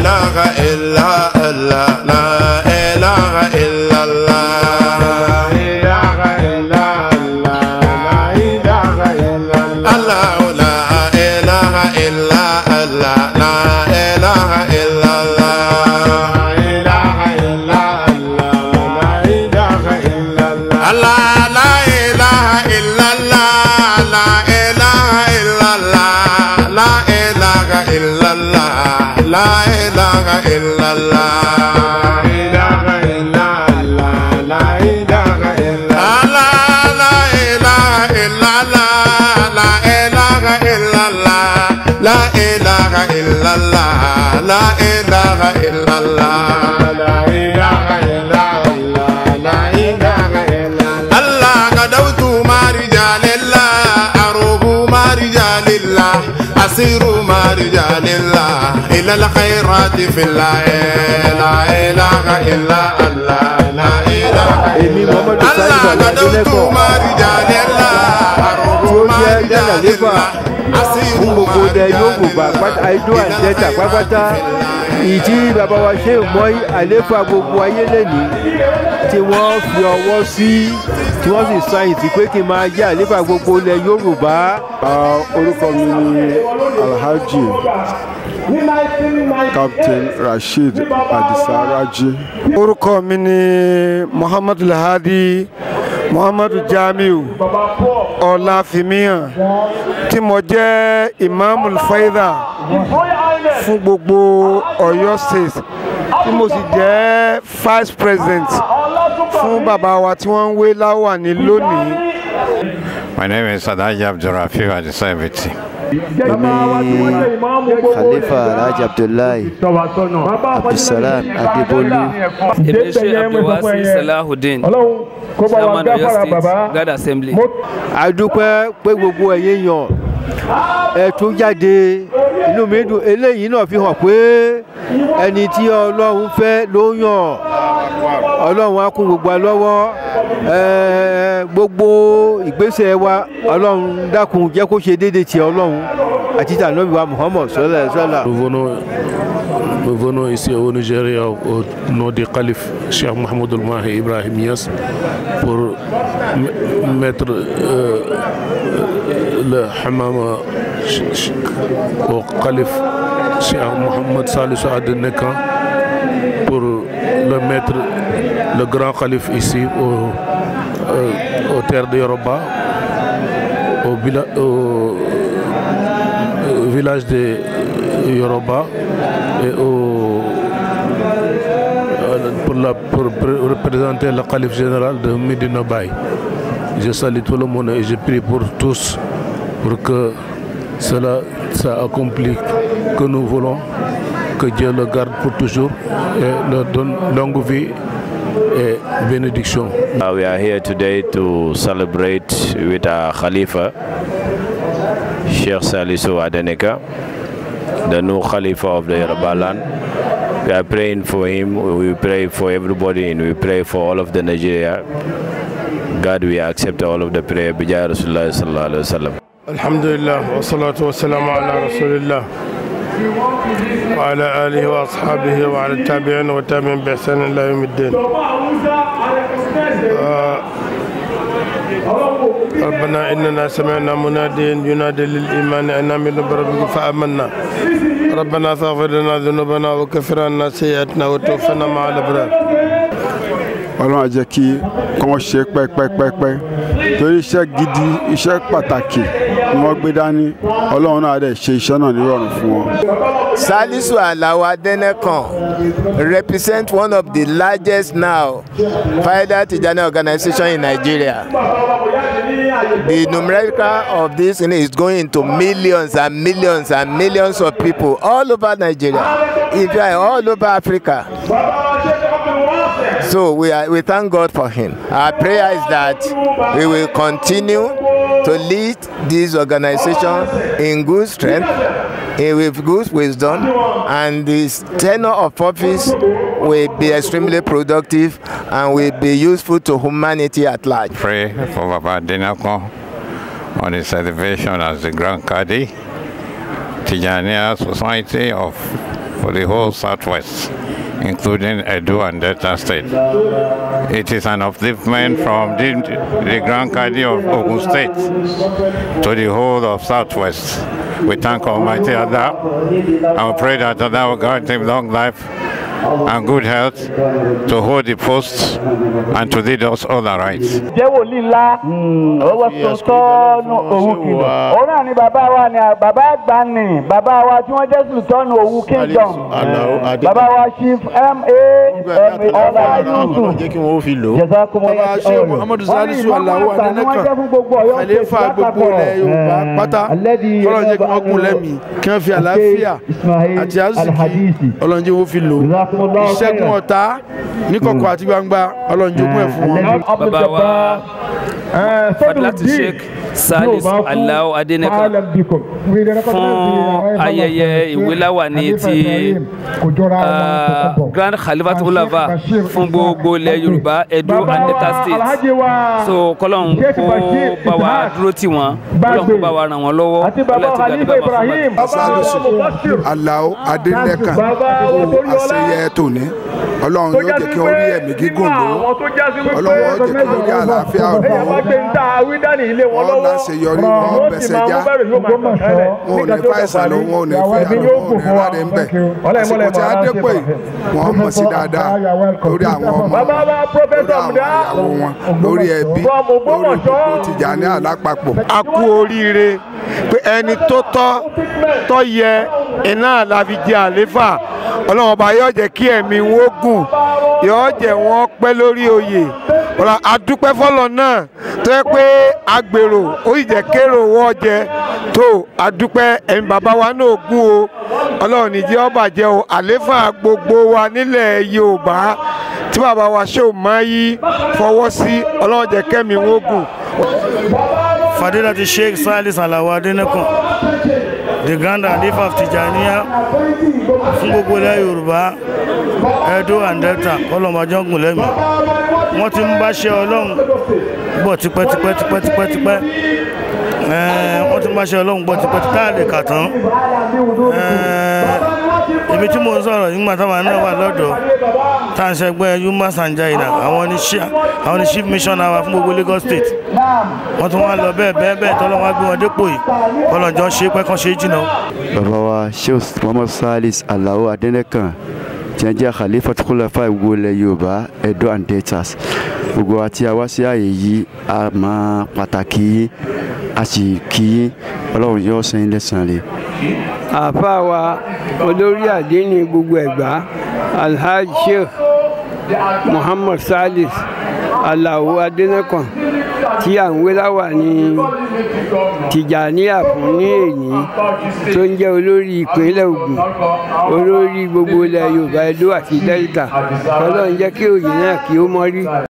إله إلا الله إلا الله إله إلا الله لا لا إله إلا الله لا إله إلا الله إلى الخيرات في الله لا إله إلا الله لا إله إلا الله قدمت ما رجال الله أرجو ما رجال الله fún gbogbo dẹ yóò kò bá pátá àìdó àìdẹ́ta pápátá ìdí bàbá wa ṣe mọ́ àléfà gbogbo ayé lẹ́nìí tí wọ́n fi ọwọ́ sí tí wọ́n sì san ìtì pé kí n máa jẹ́ àléfà gbogbo ilẹ̀ Yorùbá. orúkọ mi ni Alhaji captain rasheed adisaraji. orúkọ mi ni muhammad lahadi muhammad jamiu ọláfímíhàn tí mo jẹ́ imam faida fún gbogbo Ọ̀yọ́ state tí mo sì jẹ́ vice president fún bàbá wa tí wọ́n ń wé láwà ní lónìí. my name is sadaji abdulrafiu adisabiti èmi khalifa alhaji abdullahi abdulsalam adébólú. èmi ṣe abdulwasi salahudeen chairman oyo state god assembly. a dúpẹ́ pé gbogbo ẹ̀yin yàn ẹ tún jáde inú mi dùn eléyìí náà fi hàn pé ẹni tí ọlọ́run fẹ́ ló yàn. ọlọ́run á kún gbogbo alọ́wọ́ lọ́wọ́ gbogbo ìgbésẹ̀ wa ọlọ́run dákun jẹ́ kó ṣe déédéé tiẹ̀ ọlọ́run àti tànàbí wa Muhammad sọlá sọlá. Nous venons ici au Nigeria au nom du calife Cheikh Mahmoud Mahi Ibrahim Yas pour mettre euh, le hammam au calife Cheikh Mohamed Salih Saad Nekan pour le mettre le grand calife ici au, terres euh, terre de Yoruba, au, euh, village de Yoruba et euh, pour, représenter le calife général de Medina Bay. Je salue tout le monde et je prie pour tous pour que cela ça que nous voulons, que Dieu le garde pour toujours et nous donne longue vie a benediction. Uh, we are here today to celebrate with our Khalifa, Sheikh Salisu Adeneka, the new Khalifa of the Yoruba land. We are praying for him, we pray for everybody, and we pray for all of the Nigeria. God, we accept all of the prayer. Bijay Rasulullah Sallallahu Alaihi Wasallam. Alhamdulillah, wa salatu wa salamu ala Rasulullah. وعلى آله وأصحابه وعلى التابعين والتابعين بإحسان إلى يوم الدين آه، ربنا إننا سمعنا مناديا ينادي للإيمان أن آمنوا بربكم فآمنا ربنا فاغفر لنا ذنوبنا وكفر عنا سيئاتنا وتوفنا مع الأبرار ọlọ́run á kí wọ́n ṣe pẹ́pẹ́pẹ́pẹ́ torí iṣẹ́ gidi iṣẹ́ pàtàkì ni wọ́n gbé dání ọlọ́run náà á ṣe iṣẹ́ náà nírọ̀rùn fún wọn. Salisu Alao Adenekan represent one of the largest now Faidat Tijani organization in Nigeria. The numerical of this is going to millions and millions and millions of people all over Nigeria, in fact all over Africa. So we, are, we thank God for him. Our prayer is that we will continue to lead this organization in good strength, with good wisdom, and this tenure of office will be extremely productive and will be useful to humanity at large. Pray for Baba Dinako on his elevation as the Grand Cadi Tijania Society of for the whole Southwest including Edo and Delta State. It is an upliftment from the, the Grand Kadi of Ogun State to the whole of Southwest. We thank Almighty Allah and pray that Allah will grant him long life and good health to hold the posts and to lead us all the rights. jẹ́ wòlíì ńlá hmm, owó sultanu owukino òun náà ni bàbá wa ni bàbá àgbà ni bàbá wa tí wọ́n jẹ́ sultanu owu kingdom eh, bàbá wa chief ma ọba yusuf jẹ̀sà kọ́mọ́lá ọ̀rọ̀ wọ́n ní ìlú àwọn àgbà ni wọ́n jẹ́ fún gbogbo ọ̀yọ́ òkè pátápọ̀ alẹ́dí ọlọ́run jẹ́ kí wọ́n kún lẹ́mìí kí wọ́n fi àlàáfíà àti àzùkì ọlọ́run wọ́n fi lò ìṣẹ́gun ọ̀tá ní kọ̀kọ̀ àti gbangba ọlọ́njogún ẹ̀ fún wọn. bàbá wa Fadilati Sheikh salis aláwọ adẹnẹkan fún ayẹyẹ ìwéláwà ní ti uh, grand khalifatul ulama fún gbogbo ilẹ̀ yorùbá edo and delta state so kọ́lọ́n kó bá wa dúró tì wọ́n kọ́lọ́n kó bá wa ràn wọ́n lọ́wọ́ ọlọ́tí gàdúgbà muhammad. salis aláwọ adẹnẹkan àṣeyẹ tòní ọlọ́run yóò jẹ́ kí ó rí ẹ̀mí gígùn lò ó ọlọ́run yóò jẹ́ kí ó rí àlàáfíà ọ̀dọ́ wọn wọn láṣeyọrí wọn bẹ̀sẹ̀ já wọn ò ní fàìsàn ló wọn ò ní fi àrùn wọn ò ní ráre ń bẹ̀ àsìkò tí a dé pé wọn mọ̀ sí dáadáa lórí àwọn ọmọ lórí àwọn ìyàwó wọn lórí ẹbí lórí òkùnkùn tìjà ní àlápapọ̀. a kú oríire pé ẹni tó tọ́ tó yẹ iná la fi ọlọ́run ọba yóò jẹ́ kí ẹ̀mí wọn gùn yóò jẹ́ wọn pẹ́ lórí oyè ọ̀la adúpẹ́ fọlọ́ náà tó yẹ pé agbèrò ó sì jẹ́ kérò wọ́n jẹ tó adúpẹ́ ẹ̀mí bàbá wa náà gùn o ọlọ́run nìjẹ́ ọba jẹ́ o àléfà gbogbo wa nílẹ̀ Yorùbá tí bàbá wa ṣe ò máa yí fọwọ́ sí ọlọ́run jẹ́ kẹ́mi wọn gùn. Fadilati Sheikh Salis Alawa Adenekan the grand Khalifa of Tijaniya fún gbogbo ilẹ̀ Yorùbá Edo and Delta kọlọmọjọ gùn lẹ́mí wọ́n ti ń bá ṣe Ọlọ́run bọ̀ tipẹ́tipẹ́tipẹ́tipẹ́ wọ́n ti ń bá ṣe Ọlọ́run bọ̀ tipẹ́tipẹ́ tá a lè kà tán ibi tí mò ń sọ̀rọ̀ nígbà táwọn náà wà lọ́dọ̀ tá à ṣẹgbẹ́ Umar Sanjay àwọn ni àwọn ni chief missioner wa fún gbogbo Lagos state wọ́n tún wá lọ bẹ́ẹ̀ bẹ́ẹ̀ bẹ́ẹ̀ tọ́lọ́ wá gbé wọn dépò yìí kọ́lọ́jọ́ ṣe pẹ́ ṣe jìnnà. bàbá wa sheikh muhammad salis alao adẹnẹkan tí wọ́n jẹ́ khalifa tukulafa ìwọlẹ yorùbá edo and deltas gbogbo àti àwa sí àyè yìí a máa pàtàkì yín a sì kí yín ọlọ́run yóò sẹ́yìn lẹ́sàn-án àáfàá wa olórí àdéhùn gbogbo ẹ̀gbá alhaji sheikh muhammad salis alao adẹnẹkan tí à ń wéláwà ní tìjàníyà fún ní èyí tó ń jẹ́ olórí ìpínlẹ̀ Ògùn olórí gbogbo ilẹ̀ Yorùbá Ẹdó àti Delta Ọlọ́run jẹ́ kí òye náà kí ó mọ́rí.